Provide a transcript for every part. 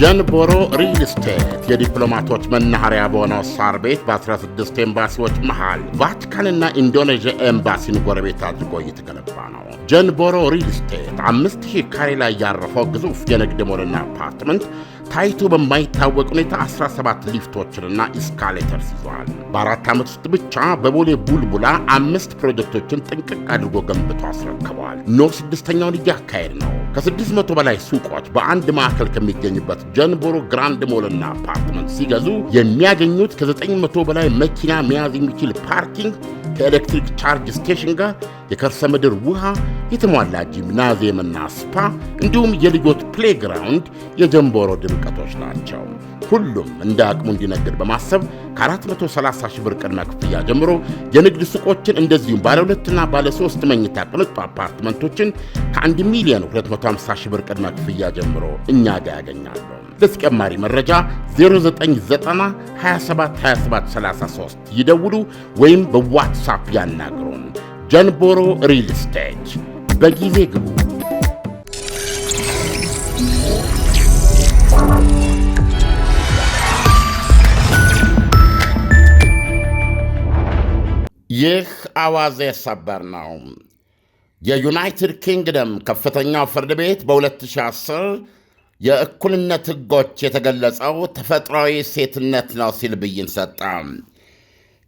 ጀንቦሮ ሪል ስቴት የዲፕሎማቶች መናኸሪያ በሆነው ሳር ቤት በ16 ኤምባሲዎች መሃል ቫቲካንና ኢንዶኔዥያ ኤምባሲን ጎረቤት አድርጎ እየተገነባ ነው። ጀንቦሮ ሪል ስቴት 5000 ካሬ ላይ ያረፈው ግዙፍ የንግድ ሞልና አፓርትመንት ታይቶ በማይታወቅ ሁኔታ 17 ሊፍቶችንና ኢስካሌተርስ ይዘዋል። በአራት ዓመት ውስጥ ብቻ በቦሌ ቡልቡላ አምስት ፕሮጀክቶችን ጥንቅቅ አድርጎ ገንብቶ አስረክበዋል። ኖ ስድስተኛውን እያካሄድ ነው። ከ600 በላይ ሱቆች በአንድ ማዕከል ከሚገኙበት ጀንቦሮ ግራንድ ሞልና አፓርትመንት ሲገዙ የሚያገኙት ከ900 በላይ መኪና መያዝ የሚችል ፓርኪንግ ከኤሌክትሪክ ቻርጅ ስቴሽን ጋር የከርሰ ምድር ውሃ፣ የተሟላ ጂምናዚየምና ስፓ እንዲሁም የልጆት ፕሌግራውንድ የጀንቦሮ ድምቀቶች ናቸው። ሁሉም እንደ አቅሙ እንዲነግድ በማሰብ ከ430 ሺህ ብር ቅድመ ክፍያ ጀምሮ የንግድ ሱቆችን እንደዚሁም ባለ ሁለትና ባለ ሶስት መኝታ ቅንጡ አፓርትመንቶችን ከ1 ሚሊዮን 250 ሺህ ብር ቅድመ ክፍያ ጀምሮ እኛ ጋር ያገኛሉ። ለተጨማሪ መረጃ 0990272733 ይደውሉ ወይም በዋትሳፕ ያናግሩን። ጀንቦሮ ሪል ስቴት በጊዜ ግቡ። ይህ አዋዜ ሰበር ነው። የዩናይትድ ኪንግደም ከፍተኛው ፍርድ ቤት በ2010 የእኩልነት ሕጎች የተገለጸው ተፈጥሯዊ ሴትነት ነው ሲል ብይን ሰጠ።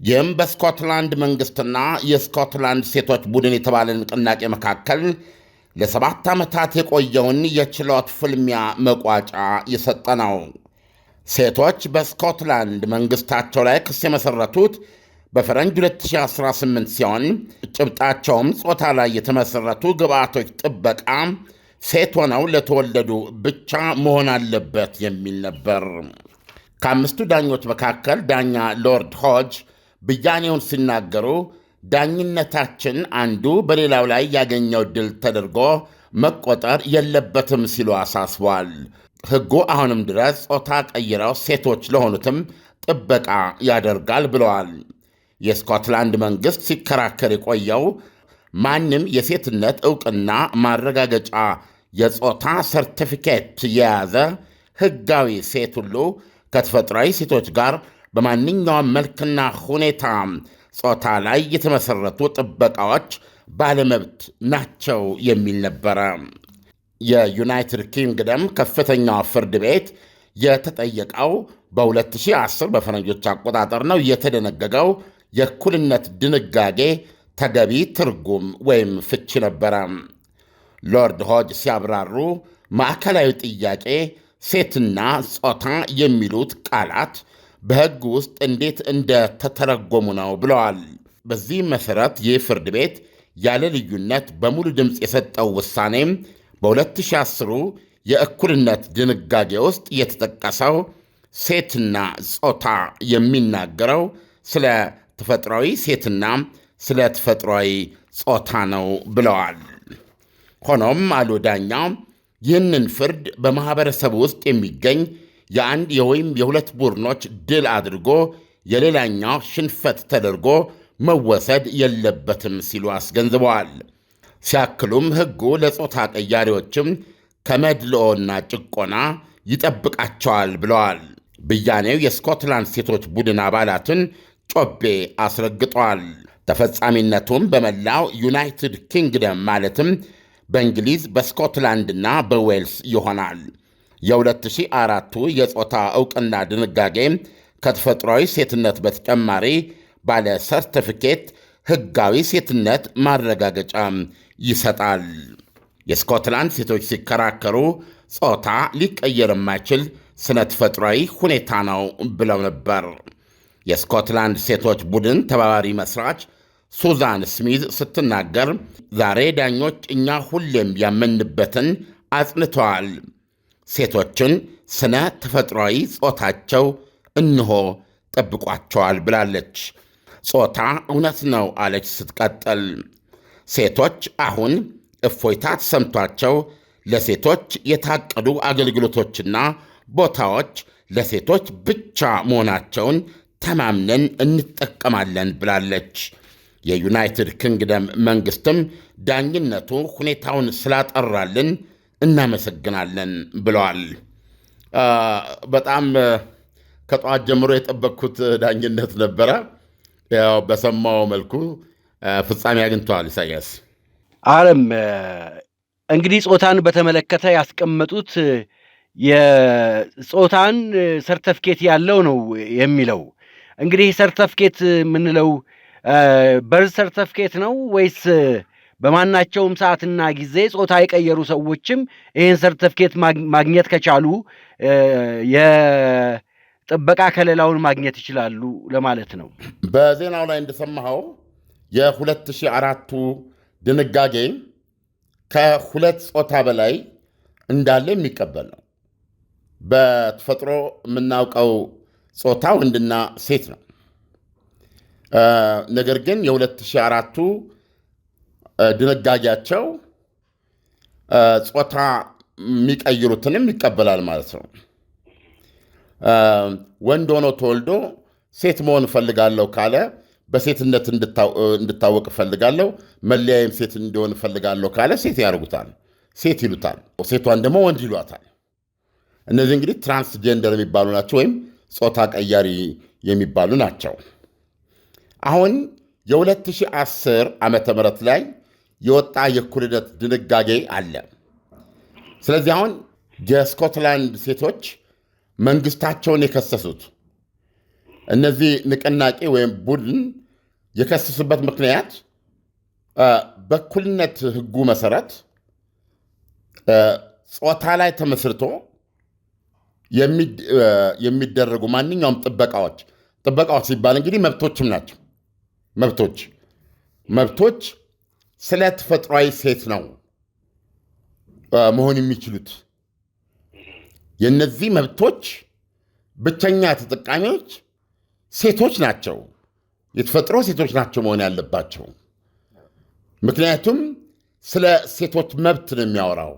ይህም በስኮትላንድ መንግሥትና የስኮትላንድ ሴቶች ቡድን የተባለ ንቅናቄ መካከል ለሰባት ዓመታት የቆየውን የችሎት ፍልሚያ መቋጫ የሰጠ ነው። ሴቶች በስኮትላንድ መንግሥታቸው ላይ ክስ የመሠረቱት በፈረንጅ 2018 ሲሆን ጭብጣቸውም ጾታ ላይ የተመሠረቱ ግብአቶች ጥበቃ ሴት ሆነው ለተወለዱ ብቻ መሆን አለበት የሚል ነበር። ከአምስቱ ዳኞች መካከል ዳኛ ሎርድ ሆጅ ብያኔውን ሲናገሩ ዳኝነታችን አንዱ በሌላው ላይ ያገኘው ድል ተደርጎ መቆጠር የለበትም ሲሉ አሳስቧል። ሕጉ አሁንም ድረስ ጾታ ቀይረው ሴቶች ለሆኑትም ጥበቃ ያደርጋል ብለዋል። የስኮትላንድ መንግሥት ሲከራከር የቆየው ማንም የሴትነት ዕውቅና ማረጋገጫ የጾታ ሰርቲፊኬት የያዘ ሕጋዊ ሴት ሁሉ ከተፈጥሯዊ ሴቶች ጋር በማንኛውም መልክና ሁኔታ ጾታ ላይ የተመሠረቱ ጥበቃዎች ባለመብት ናቸው የሚል ነበረ። የዩናይትድ ኪንግደም ከፍተኛው ፍርድ ቤት የተጠየቀው በ2010 በፈረንጆች አቆጣጠር ነው የተደነገገው የእኩልነት ድንጋጌ ተገቢ ትርጉም ወይም ፍቺ ነበረ። ሎርድ ሆጅ ሲያብራሩ ማዕከላዊ ጥያቄ ሴትና ጾታ የሚሉት ቃላት በሕግ ውስጥ እንዴት እንደተተረጎሙ ነው ብለዋል። በዚህ መሠረት ይህ ፍርድ ቤት ያለ ልዩነት በሙሉ ድምፅ የሰጠው ውሳኔም በ2010 የእኩልነት ድንጋጌ ውስጥ የተጠቀሰው ሴትና ጾታ የሚናገረው ስለ ተፈጥሯዊ ሴትና ስለ ተፈጥሯዊ ጾታ ነው ብለዋል። ሆኖም አሉ ዳኛው ይህንን ፍርድ በማኅበረሰብ ውስጥ የሚገኝ የአንድ የወይም የሁለት ቡድኖች ድል አድርጎ የሌላኛው ሽንፈት ተደርጎ መወሰድ የለበትም ሲሉ አስገንዝበዋል። ሲያክሉም ሕጉ ለጾታ ቀያሪዎችም ከመድልኦና ጭቆና ይጠብቃቸዋል ብለዋል። ብያኔው የስኮትላንድ ሴቶች ቡድን አባላትን ጮቤ አስረግጧል። ተፈጻሚነቱም በመላው ዩናይትድ ኪንግደም ማለትም በእንግሊዝ በስኮትላንድና በዌልስ ይሆናል። የ2004ቱ የጾታ ዕውቅና ድንጋጌ ከተፈጥሯዊ ሴትነት በተጨማሪ ባለ ሰርቲፊኬት ሕጋዊ ሴትነት ማረጋገጫ ይሰጣል። የስኮትላንድ ሴቶች ሲከራከሩ ጾታ ሊቀየር የማይችል ስነ ተፈጥሯዊ ሁኔታ ነው ብለው ነበር። የስኮትላንድ ሴቶች ቡድን ተባባሪ መስራች ሱዛን ስሚዝ ስትናገር ዛሬ ዳኞች እኛ ሁሌም ያመንበትን አጽንተዋል። ሴቶችን ስነ ተፈጥሯዊ ጾታቸው እንሆ ጠብቋቸዋል ብላለች። ጾታ እውነት ነው አለች ስትቀጥል ሴቶች አሁን እፎይታ ተሰምቷቸው ለሴቶች የታቀዱ አገልግሎቶችና ቦታዎች ለሴቶች ብቻ መሆናቸውን ተማምነን እንጠቀማለን ብላለች። የዩናይትድ ኪንግደም መንግሥትም ዳኝነቱ ሁኔታውን ስላጠራልን እናመሰግናለን ብለዋል። በጣም ከጠዋት ጀምሮ የጠበቅኩት ዳኝነት ነበረ። ያው በሰማው መልኩ ፍጻሜ አግኝተዋል። ኢሳያስ አረም እንግዲህ ጾታን በተመለከተ ያስቀመጡት የጾታን ሰርተፍኬት ያለው ነው የሚለው እንግዲህ ሰርተፍኬት የምንለው በርዝ ሰርተፍኬት ነው ወይስ በማናቸውም ሰዓትና ጊዜ ጾታ የቀየሩ ሰዎችም ይህን ሰርተፍኬት ማግኘት ከቻሉ የጥበቃ ከለላውን ማግኘት ይችላሉ ለማለት ነው። በዜናው ላይ እንደሰማኸው የ2004ቱ ድንጋጌ ከሁለት ጾታ በላይ እንዳለ የሚቀበል ነው። በተፈጥሮ የምናውቀው ጾታ ወንድና ሴት ነው። ነገር ግን የ2004ቱ ድንጋጌያቸው ጾታ የሚቀይሩትንም ይቀበላል ማለት ነው። ወንድ ሆኖ ተወልዶ ሴት መሆን እፈልጋለሁ ካለ በሴትነት እንድታወቅ እፈልጋለሁ፣ መለያየም ሴት እንዲሆን እፈልጋለሁ ካለ ሴት ያደርጉታል፣ ሴት ይሉታል። ሴቷን ደግሞ ወንድ ይሏታል። እነዚህ እንግዲህ ትራንስጀንደር የሚባሉ ናቸው፣ ወይም ጾታ ቀያሪ የሚባሉ ናቸው። አሁን የ2010 ዓ ም ላይ የወጣ የእኩልነት ድንጋጌ አለ። ስለዚህ አሁን የስኮትላንድ ሴቶች መንግስታቸውን የከሰሱት እነዚህ ንቅናቄ ወይም ቡድን የከሰሱበት ምክንያት በእኩልነት ህጉ መሰረት ጾታ ላይ ተመስርቶ የሚደረጉ ማንኛውም ጥበቃዎች ጥበቃዎች ሲባል እንግዲህ መብቶችም ናቸው መብቶች መብቶች ስለ ተፈጥሯዊ ሴት ነው መሆን የሚችሉት። የነዚህ መብቶች ብቸኛ ተጠቃሚዎች ሴቶች ናቸው። የተፈጥሮ ሴቶች ናቸው መሆን ያለባቸው። ምክንያቱም ስለ ሴቶች መብት ነው የሚያወራው፣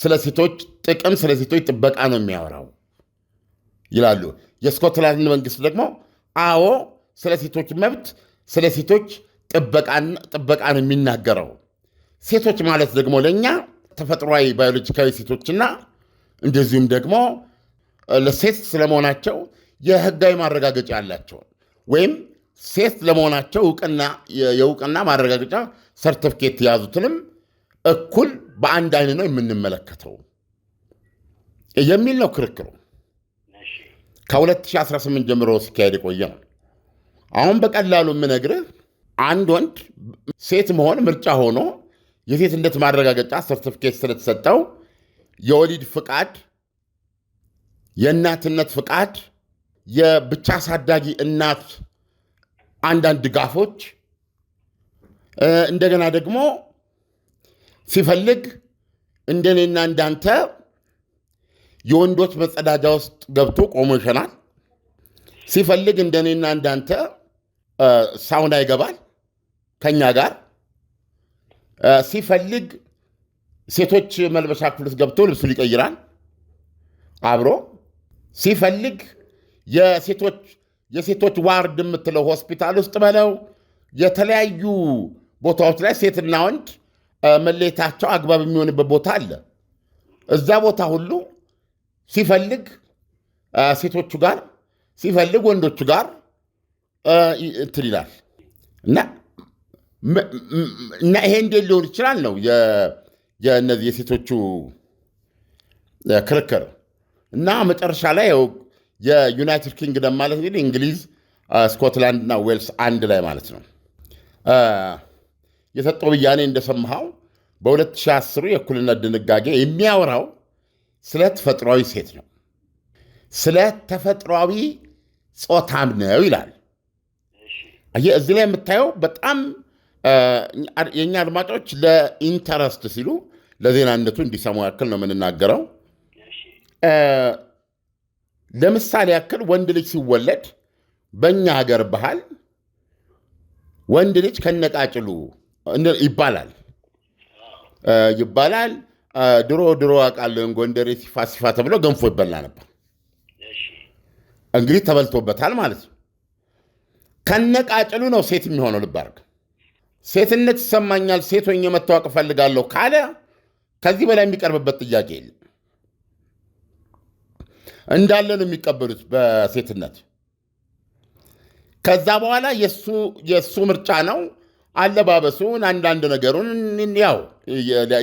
ስለ ሴቶች ጥቅም፣ ስለ ሴቶች ጥበቃ ነው የሚያወራው ይላሉ። የስኮትላንድ መንግስት ደግሞ አዎ ስለ ሴቶች መብት ስለ ሴቶች ጥበቃን የሚናገረው። ሴቶች ማለት ደግሞ ለእኛ ተፈጥሯዊ ባዮሎጂካዊ ሴቶችና እንደዚሁም ደግሞ ለሴት ስለመሆናቸው የህጋዊ ማረጋገጫ ያላቸው ወይም ሴት ለመሆናቸው የእውቅና ማረጋገጫ ሰርተፍኬት የያዙትንም እኩል በአንድ አይን ነው የምንመለከተው የሚል ነው ክርክሩ። ከ2018 ጀምሮ ሲካሄድ የቆየ ነው። አሁን በቀላሉ የምነግርህ አንድ ወንድ ሴት መሆን ምርጫ ሆኖ የሴትነት ማረጋገጫ ሰርቲፊኬት ስለተሰጠው የወሊድ ፍቃድ፣ የእናትነት ፍቃድ፣ የብቻ አሳዳጊ እናት አንዳንድ ድጋፎች እንደገና ደግሞ ሲፈልግ እንደኔና እንዳንተ የወንዶች መጸዳጃ ውስጥ ገብቶ ቆሞ ይሸናል። ሲፈልግ እንደኔና እንዳንተ ሳውና ይገባል ከኛ ጋር ሲፈልግ ሴቶች መልበሻ ክፍል ውስጥ ገብቶ ልብሱን ይቀይራል አብሮ ሲፈልግ የሴቶች ዋርድ የምትለው ሆስፒታል ውስጥ በለው የተለያዩ ቦታዎች ላይ ሴትና ወንድ መለየታቸው አግባብ የሚሆንበት ቦታ አለ። እዛ ቦታ ሁሉ ሲፈልግ ሴቶቹ ጋር ሲፈልግ ወንዶቹ ጋር እንትን ይላል እና እና ይሄ እንዴት ሊሆን ይችላል ነው የእነዚህ የሴቶቹ ክርክር እና መጨረሻ ላይ ው የዩናይትድ ኪንግደም ማለት እንግዲህ እንግሊዝ፣ ስኮትላንድ እና ዌልስ አንድ ላይ ማለት ነው የሰጠው ብያኔ እንደሰማኸው በ2010 የእኩልነት ድንጋጌ የሚያወራው ስለ ተፈጥሯዊ ሴት ነው። ስለ ተፈጥሯዊ ጾታም ነው ይላል። ይህ እዚህ ላይ የምታየው በጣም የእኛ አድማጮች ለኢንተረስት ሲሉ ለዜናነቱ እንዲሰሙ ያክል ነው የምንናገረው። ለምሳሌ ያክል ወንድ ልጅ ሲወለድ በእኛ ሀገር ባህል ወንድ ልጅ ከነቃጭሉ ይባላል ይባላል። ድሮ ድሮ አውቃለሁ ጎንደሬ ሲፋ ሲፋ ተብሎ ገንፎ ይበላ ነበር። እንግዲህ ተበልቶበታል ማለት ነው። ከነቃጭሉ ነው ሴት የሚሆነው። ልባርግ ሴትነት ይሰማኛል፣ ሴት ሆኜ መታወቅ እፈልጋለሁ ካለ ከዚህ በላይ የሚቀርብበት ጥያቄ የለም። እንዳለ ነው የሚቀበሉት በሴትነት። ከዛ በኋላ የእሱ ምርጫ ነው። አለባበሱን፣ አንዳንድ ነገሩን ያው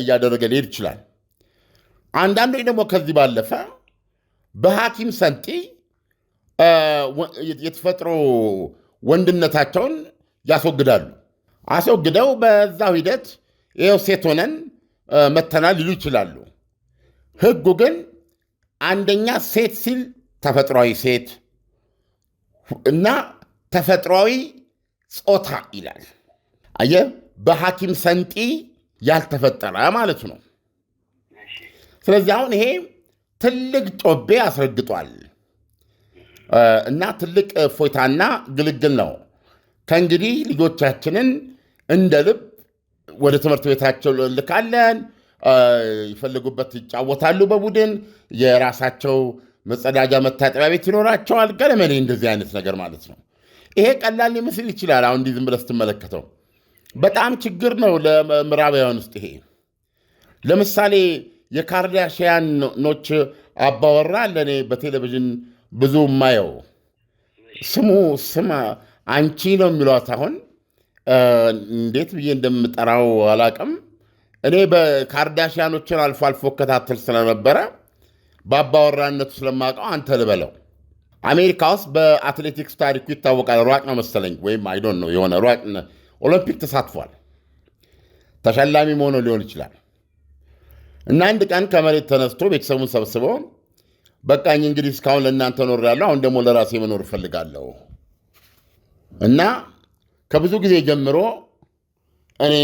እያደረገ ሊሄድ ይችላል። አንዳንዶች ደግሞ ከዚህ ባለፈ በሐኪም ሰንቲ? የተፈጥሮ ወንድነታቸውን ያስወግዳሉ። አስወግደው በዛው ሂደት ይኸው ሴት ሆነን መተናል ሊሉ ይችላሉ። ህጉ ግን አንደኛ ሴት ሲል ተፈጥሯዊ ሴት እና ተፈጥሯዊ ጾታ ይላል። አየህ፣ በሐኪም ሰንጢ ያልተፈጠረ ማለት ነው። ስለዚህ አሁን ይሄ ትልቅ ጮቤ አስረግጧል። እና ትልቅ እፎይታና ግልግል ነው። ከእንግዲህ ልጆቻችንን እንደ ልብ ወደ ትምህርት ቤታቸው ልካለን። ይፈልጉበት ይጫወታሉ፣ በቡድን የራሳቸው መጸዳጃ መታጠቢያ ቤት ይኖራቸዋል። ገለመኔ እንደዚህ አይነት ነገር ማለት ነው። ይሄ ቀላል ሊመስል ይችላል። አሁን እንዲህ ዝም ብለህ ስትመለከተው በጣም ችግር ነው ለምዕራባውያን ውስጥ ይሄ። ለምሳሌ የካርዳሽያኖች አባወራ ለእኔ በቴሌቪዥን ብዙ ማየው ስሙ ስም አንቺ ነው የሚሏት። አሁን እንዴት ብዬ እንደምጠራው አላቅም። እኔ በካርዳሽያኖችን አልፎ አልፎ እከታተል ስለነበረ በአባወራነቱ ስለማውቀው አንተ ልበለው። አሜሪካ ውስጥ በአትሌቲክስ ታሪኩ ይታወቃል። ሯቅ ነው መሰለኝ ወይም አይዶን ነው የሆነ ሯቅ ኦሎምፒክ ተሳትፏል። ተሸላሚ መሆኑ ሊሆን ይችላል። እና አንድ ቀን ከመሬት ተነስቶ ቤተሰቡን ሰብስበው በቃኝ እንግዲህ እስካሁን ለእናንተ ኖር ያለው አሁን ደግሞ ለራሴ መኖር እፈልጋለሁ እና ከብዙ ጊዜ ጀምሮ እኔ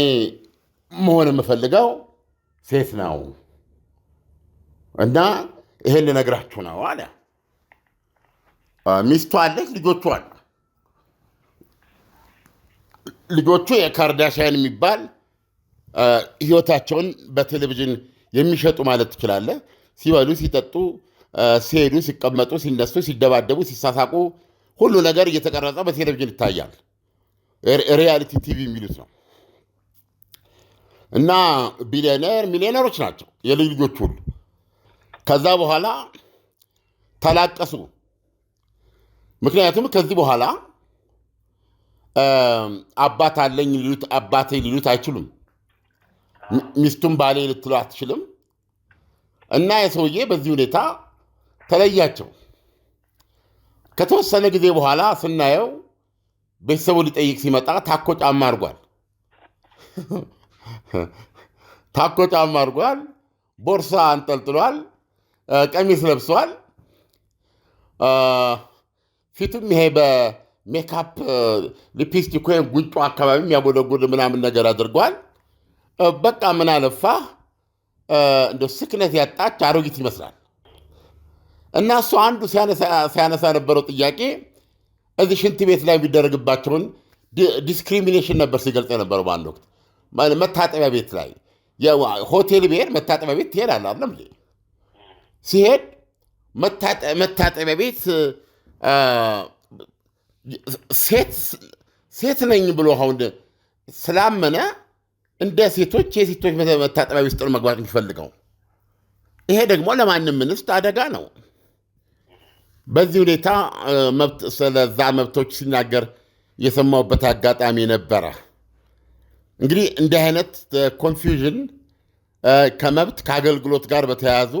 መሆን የምፈልገው ሴት ነው እና ይሄን ልነግራችሁ ነው አለ። ሚስቱ አለች፣ ልጆቹ አሉ። ልጆቹ የካርዳሻን የሚባል ህይወታቸውን በቴሌቪዥን የሚሸጡ ማለት ትችላለህ። ሲበሉ ሲጠጡ ሲሄዱ፣ ሲቀመጡ፣ ሲነሱ፣ ሲደባደቡ፣ ሲሳሳቁ ሁሉ ነገር እየተቀረጸ በቴሌቪዥን ይታያል። ሪያሊቲ ቲቪ የሚሉት ነው። እና ቢሊዮነር ሚሊዮነሮች ናቸው የልጅ ልጆች ሁሉ። ከዛ በኋላ ተላቀሱ። ምክንያቱም ከዚህ በኋላ አባት አለኝ ሊሉት አባቴ ሊሉት አይችሉም። ሚስቱን ባሌ ልትለው አትችልም። እና የሰውዬ በዚህ ሁኔታ ተለያቸው። ከተወሰነ ጊዜ በኋላ ስናየው ቤተሰቡ ሊጠይቅ ሲመጣ ታኮ ጫማ አድርጓል። ታኮ ጫማ አድርጓል። ቦርሳ አንጠልጥሏል። ቀሚስ ለብሷል። ፊቱም ይሄ በሜካፕ ሊፕስቲክ ወይም ጉንጮ አካባቢ የሚያጎደጉድ ምናምን ነገር አድርጓል። በቃ ምን አለፋ እንደ ስክነት ያጣች አሮጊት ይመስላል። እና እሱ አንዱ ሲያነሳ ነበረው ጥያቄ እዚህ ሽንት ቤት ላይ የሚደረግባቸውን ዲስክሪሚኔሽን ነበር ሲገልጽ የነበረው በአንድ ወቅት መታጠቢያ ቤት ላይ ሆቴል ብሄድ መታጠቢያ ቤት ትሄዳለ አይደለም ሲሄድ መታጠቢያ ቤት ሴት ነኝ ብሎ አሁን ስላመነ እንደ ሴቶች የሴቶች መታጠቢያ ውስጥ መግባት የሚፈልገው ይሄ ደግሞ ለማንም ምንስት አደጋ ነው። በዚህ ሁኔታ ስለዛ መብቶች ሲናገር የሰማሁበት አጋጣሚ ነበረ። እንግዲህ እንዲህ አይነት ኮንፊውዥን ከመብት ከአገልግሎት ጋር በተያያዙ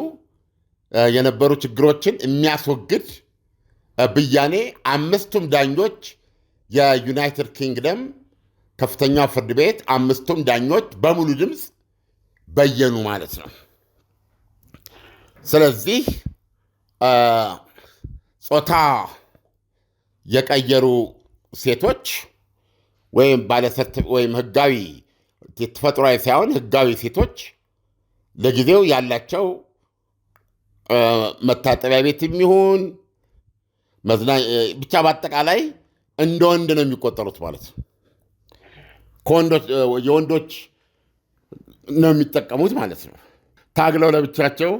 የነበሩ ችግሮችን የሚያስወግድ ብያኔ አምስቱም ዳኞች የዩናይትድ ኪንግደም ከፍተኛው ፍርድ ቤት አምስቱም ዳኞች በሙሉ ድምፅ በየኑ ማለት ነው። ስለዚህ ጾታ የቀየሩ ሴቶች ወይም ባለሰት ወይም ህጋዊ ተፈጥሯዊ ሳይሆን ህጋዊ ሴቶች ለጊዜው ያላቸው መታጠቢያ ቤት የሚሆን ብቻ በአጠቃላይ እንደ ወንድ ነው የሚቆጠሩት ማለት ነው። የወንዶች ነው የሚጠቀሙት ማለት ነው። ታግለው ለብቻቸው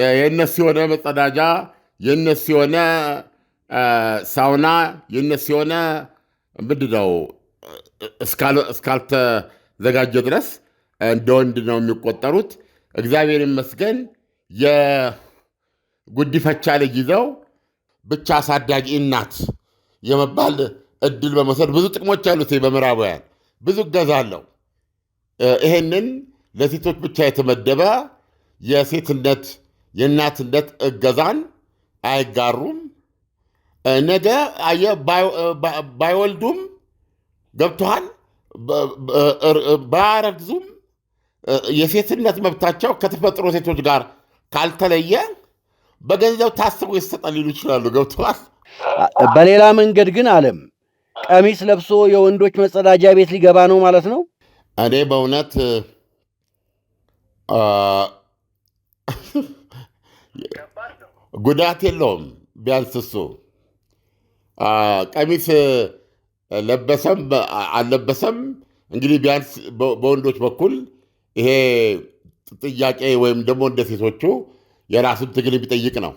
የእነሱ የሆነ መጸዳጃ የእነሱ የሆነ ሳውና የእነሱ የሆነ ምንድን እስካልተዘጋጀ ድረስ እንደ ወንድ ነው የሚቆጠሩት። እግዚአብሔር ይመስገን የጉዲፈቻ ልጅ ይዘው ብቻ አሳዳጊ እናት የመባል እድል በመውሰድ ብዙ ጥቅሞች አሉት። በምዕራባውያን ብዙ እገዛ አለው። ይሄንን ለሴቶች ብቻ የተመደበ የሴትነት የእናትነት እገዛን አይጋሩም። ነገ ባይወልዱም ገብተዋል ባያረግዙም የሴትነት መብታቸው ከተፈጥሮ ሴቶች ጋር ካልተለየ በገንዘብ ታስቦ ይሰጣል ሊሉ ይችላሉ። ገብተዋል። በሌላ መንገድ ግን አለም ቀሚስ ለብሶ የወንዶች መጸዳጃ ቤት ሊገባ ነው ማለት ነው። እኔ በእውነት ጉዳት የለውም። ቢያንስ እሱ ቀሚስ ለበሰም አልለበሰም እንግዲህ ቢያንስ በወንዶች በኩል ይሄ ጥያቄ ወይም ደግሞ እንደ ሴቶቹ የራሱን ትግል የሚጠይቅ ነው።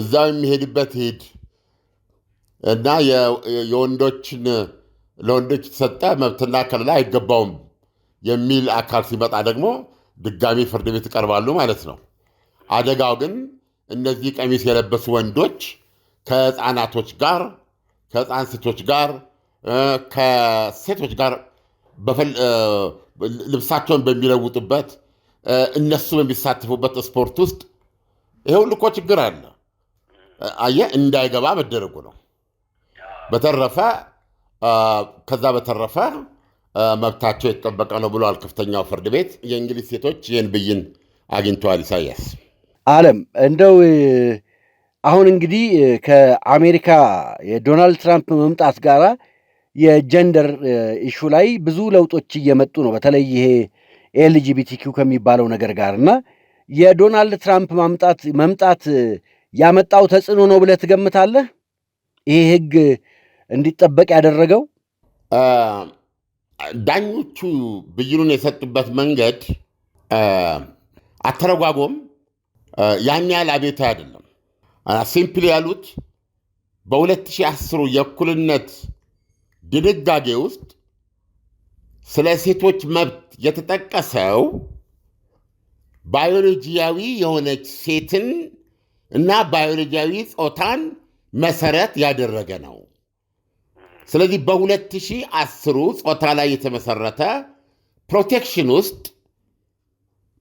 እዛ የሚሄድበት ሂድ እና የወንዶችን ለወንዶች የተሰጠ መብትና ከለላ አይገባውም የሚል አካል ሲመጣ ደግሞ ድጋሚ ፍርድ ቤት ይቀርባሉ ማለት ነው። አደጋው ግን እነዚህ ቀሚስ የለበሱ ወንዶች ከህፃናቶች ጋር ከህፃን ሴቶች ጋር ከሴቶች ጋር ልብሳቸውን በሚለውጡበት እነሱ በሚሳተፉበት ስፖርት ውስጥ ይሄ ሁሉ እኮ ችግር አለ። አየህ እንዳይገባ መደረጉ ነው። በተረፈ ከዛ በተረፈ መብታቸው የተጠበቀ ነው ብሏል ከፍተኛው ፍርድ ቤት። የእንግሊዝ ሴቶች ይህን ብይን አግኝተዋል። ኢሳያስ አለም እንደው አሁን እንግዲህ ከአሜሪካ የዶናልድ ትራምፕ መምጣት ጋር የጀንደር ኢሹ ላይ ብዙ ለውጦች እየመጡ ነው። በተለይ ይሄ ኤልጂቢቲኪው ከሚባለው ነገር ጋር እና የዶናልድ ትራምፕ ማምጣት መምጣት ያመጣው ተጽዕኖ ነው ብለህ ትገምታለህ? ይሄ ህግ እንዲጠበቅ ያደረገው ዳኞቹ ብይኑን የሰጡበት መንገድ አተረጓጎም ያን ያህል አቤት አይደለም። ሲምፕል ያሉት በ2010 የእኩልነት ድንጋጌ ውስጥ ስለ ሴቶች መብት የተጠቀሰው ባዮሎጂያዊ የሆነች ሴትን እና ባዮሎጂያዊ ጾታን መሰረት ያደረገ ነው። ስለዚህ በ2010 ጾታ ላይ የተመሰረተ ፕሮቴክሽን ውስጥ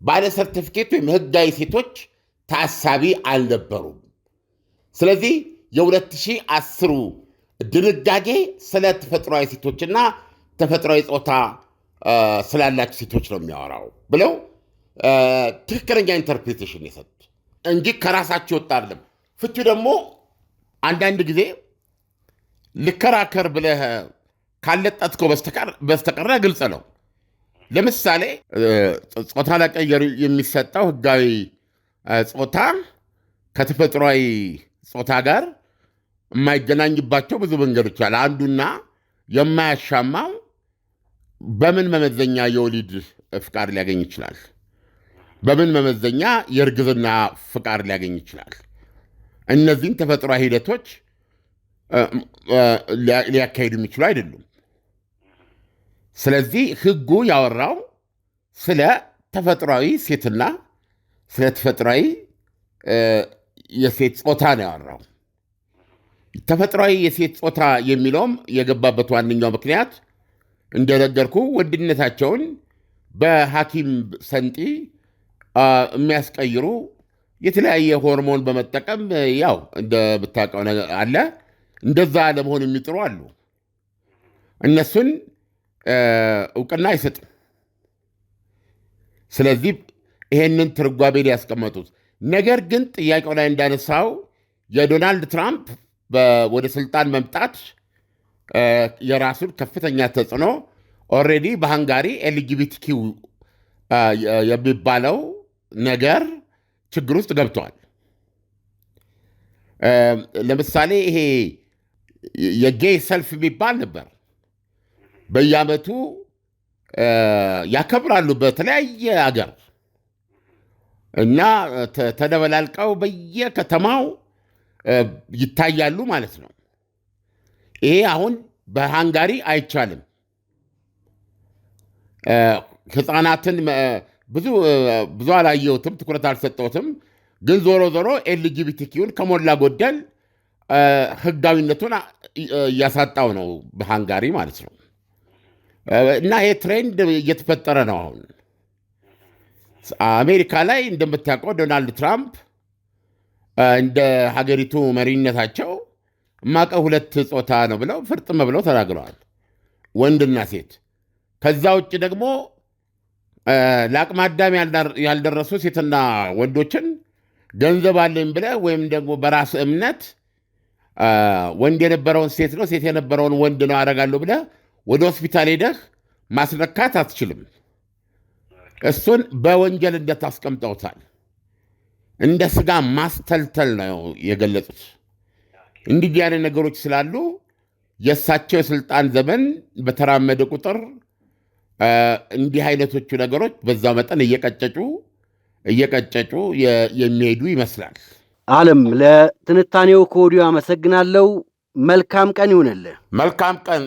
ባለ ሰርቲፊኬት ወይም ህጋዊ ሴቶች ታሳቢ አልነበሩም። ስለዚህ የ2010 ድንጋጌ ስለ ተፈጥሯዊ ሴቶችና ተፈጥሯዊ ጾታ ስላላቸው ሴቶች ነው የሚያወራው ብለው ትክክለኛ ኢንተርፕሬቴሽን የሰጡት እንጂ ከራሳቸው ወጣ አይደለም። ፍቺው ደግሞ አንዳንድ ጊዜ ልከራከር ብለህ ካለጣትከው በስተቀረ ግልጽ ነው። ለምሳሌ ጾታ ለቀየር የሚሰጠው ህጋዊ ጾታ ከተፈጥሯዊ ጾታ ጋር የማይገናኝባቸው ብዙ መንገዶች አሉ። አንዱና የማያሻማው በምን መመዘኛ የወሊድ ፍቃድ ሊያገኝ ይችላል? በምን መመዘኛ የእርግዝና ፍቃድ ሊያገኝ ይችላል? እነዚህን ተፈጥሯዊ ሂደቶች ሊያካሂዱ የሚችሉ አይደሉም። ስለዚህ ሕጉ ያወራው ስለ ተፈጥሯዊ ሴትና ስለ ተፈጥሯዊ የሴት ጾታ ነው ያወራው። ተፈጥሯዊ የሴት ፆታ የሚለውም የገባበት ዋነኛው ምክንያት እንደነገርኩ ወንድነታቸውን በሐኪም ሰንጢ የሚያስቀይሩ የተለያየ ሆርሞን በመጠቀም ያው እንደምታውቀው አለ እንደዛ ለመሆን የሚጥሩ አሉ። እነሱን እውቅና አይሰጥም። ስለዚህ ይሄንን ትርጓሜ ያስቀመጡት። ነገር ግን ጥያቄው ላይ እንዳነሳው የዶናልድ ትራምፕ ወደ ስልጣን መምጣት የራሱን ከፍተኛ ተጽዕኖ ኦልሬዲ በሃንጋሪ ኤልጂቢቲኪው የሚባለው ነገር ችግር ውስጥ ገብተዋል። ለምሳሌ ይሄ የጌይ ሰልፍ የሚባል ነበር። በየዓመቱ ያከብራሉ በተለያየ አገር እና ተደበላልቀው በየከተማው ይታያሉ ማለት ነው። ይሄ አሁን በሃንጋሪ አይቻልም። ህፃናትን ብዙ አላየሁትም፣ ትኩረት አልሰጠሁትም። ግን ዞሮ ዞሮ ኤልጂቢቲኪውን ከሞላ ጎደል ህጋዊነቱን እያሳጣው ነው በሃንጋሪ ማለት ነው። እና ይሄ ትሬንድ እየተፈጠረ ነው አሁን አሜሪካ ላይ እንደምታውቀው ዶናልድ ትራምፕ እንደ ሀገሪቱ መሪነታቸው ማቀ ሁለት ጾታ ነው ብለው ፍርጥም ብለው ተናግረዋል፣ ወንድና ሴት። ከዛ ውጭ ደግሞ ለአቅመ አዳም ያልደረሱ ሴትና ወንዶችን ገንዘብ አለኝ ብለ ወይም ደግሞ በራስ እምነት ወንድ የነበረውን ሴት ነው ሴት የነበረውን ወንድ ነው አደርጋለሁ ብለ ወደ ሆስፒታል ሄደህ ማስነካት አትችልም። እሱን በወንጀልነት አስቀምጠውታል። እንደ ስጋ ማስተልተል ነው የገለጹት። እንዲህ ያለ ነገሮች ስላሉ የእሳቸው የስልጣን ዘመን በተራመደ ቁጥር እንዲህ አይነቶቹ ነገሮች በዛው መጠን እየቀጨጩ እየቀጨጩ የሚሄዱ ይመስላል። አለም ለትንታኔው ከወዲሁ አመሰግናለሁ። መልካም ቀን ይሁንልህ። መልካም ቀን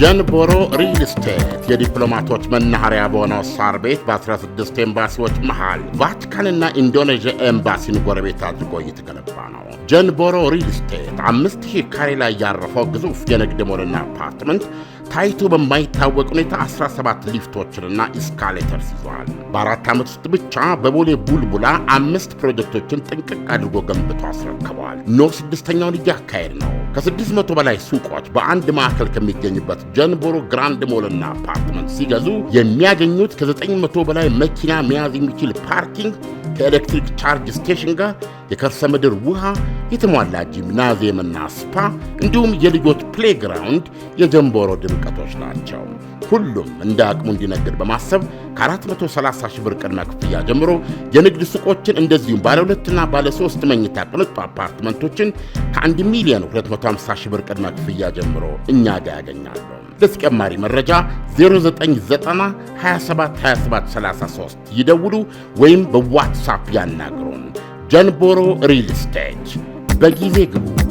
ጀንቦሮ ሪል ስቴት የዲፕሎማቶች መናኸሪያ በሆነው ሳር ቤት በ16 ኤምባሲዎች መሃል ቫቲካንና ኢንዶኔዥያ ኤምባሲን ጎረቤት አድርጎ እየተገነባ ነው። ጀንቦሮ ሪል ስቴት አምስት ሺህ ካሬ ላይ ያረፈው ግዙፍ የንግድ ሞልና አፓርትመንት ታይቶ በማይታወቅ ሁኔታ 17 ሊፍቶችንና ኢስካሌተርስ ይዘዋል። በአራት ዓመት ውስጥ ብቻ በቦሌ ቡልቡላ አምስት ፕሮጀክቶችን ጥንቅቅ አድርጎ ገንብቶ አስረክበዋል። ኖ ስድስተኛውን እያካሄድ ነው። ከ600 በላይ ሱቆች በአንድ ማዕከል ከሚገኝበት ጀንቦሮ ግራንድ ሞልና አፓርትመንት ሲገዙ የሚያገኙት ከ900 በላይ መኪና መያዝ የሚችል ፓርኪንግ ከኤሌክትሪክ ቻርጅ ስቴሽን ጋር የከርሰ ምድር ውሃ፣ የተሟላ ጂምናዚየምና ስፓ እንዲሁም የልጆች ፕሌግራውንድ የጀንቦሮ ድምቀቶች ናቸው። ሁሉም እንደ አቅሙ እንዲነግድ በማሰብ ከ430 ሺህ ብር ቅድመ ክፍያ ጀምሮ የንግድ ሱቆችን እንደዚሁም ባለ ሁለትና ባለ ሶስት መኝታ ቅንጡ አፓርትመንቶችን ከ1 ሚሊዮን 250 ሺህ ብር ቅድመ ክፍያ ጀምሮ እኛ ጋር ያገኛሉ። ለተጨማሪ መረጃ 0990272733 ይደውሉ ወይም በዋትሳፕ ያናግሩን። ጀንቦሮ ሪል ስቴት በጊዜ ግቡ።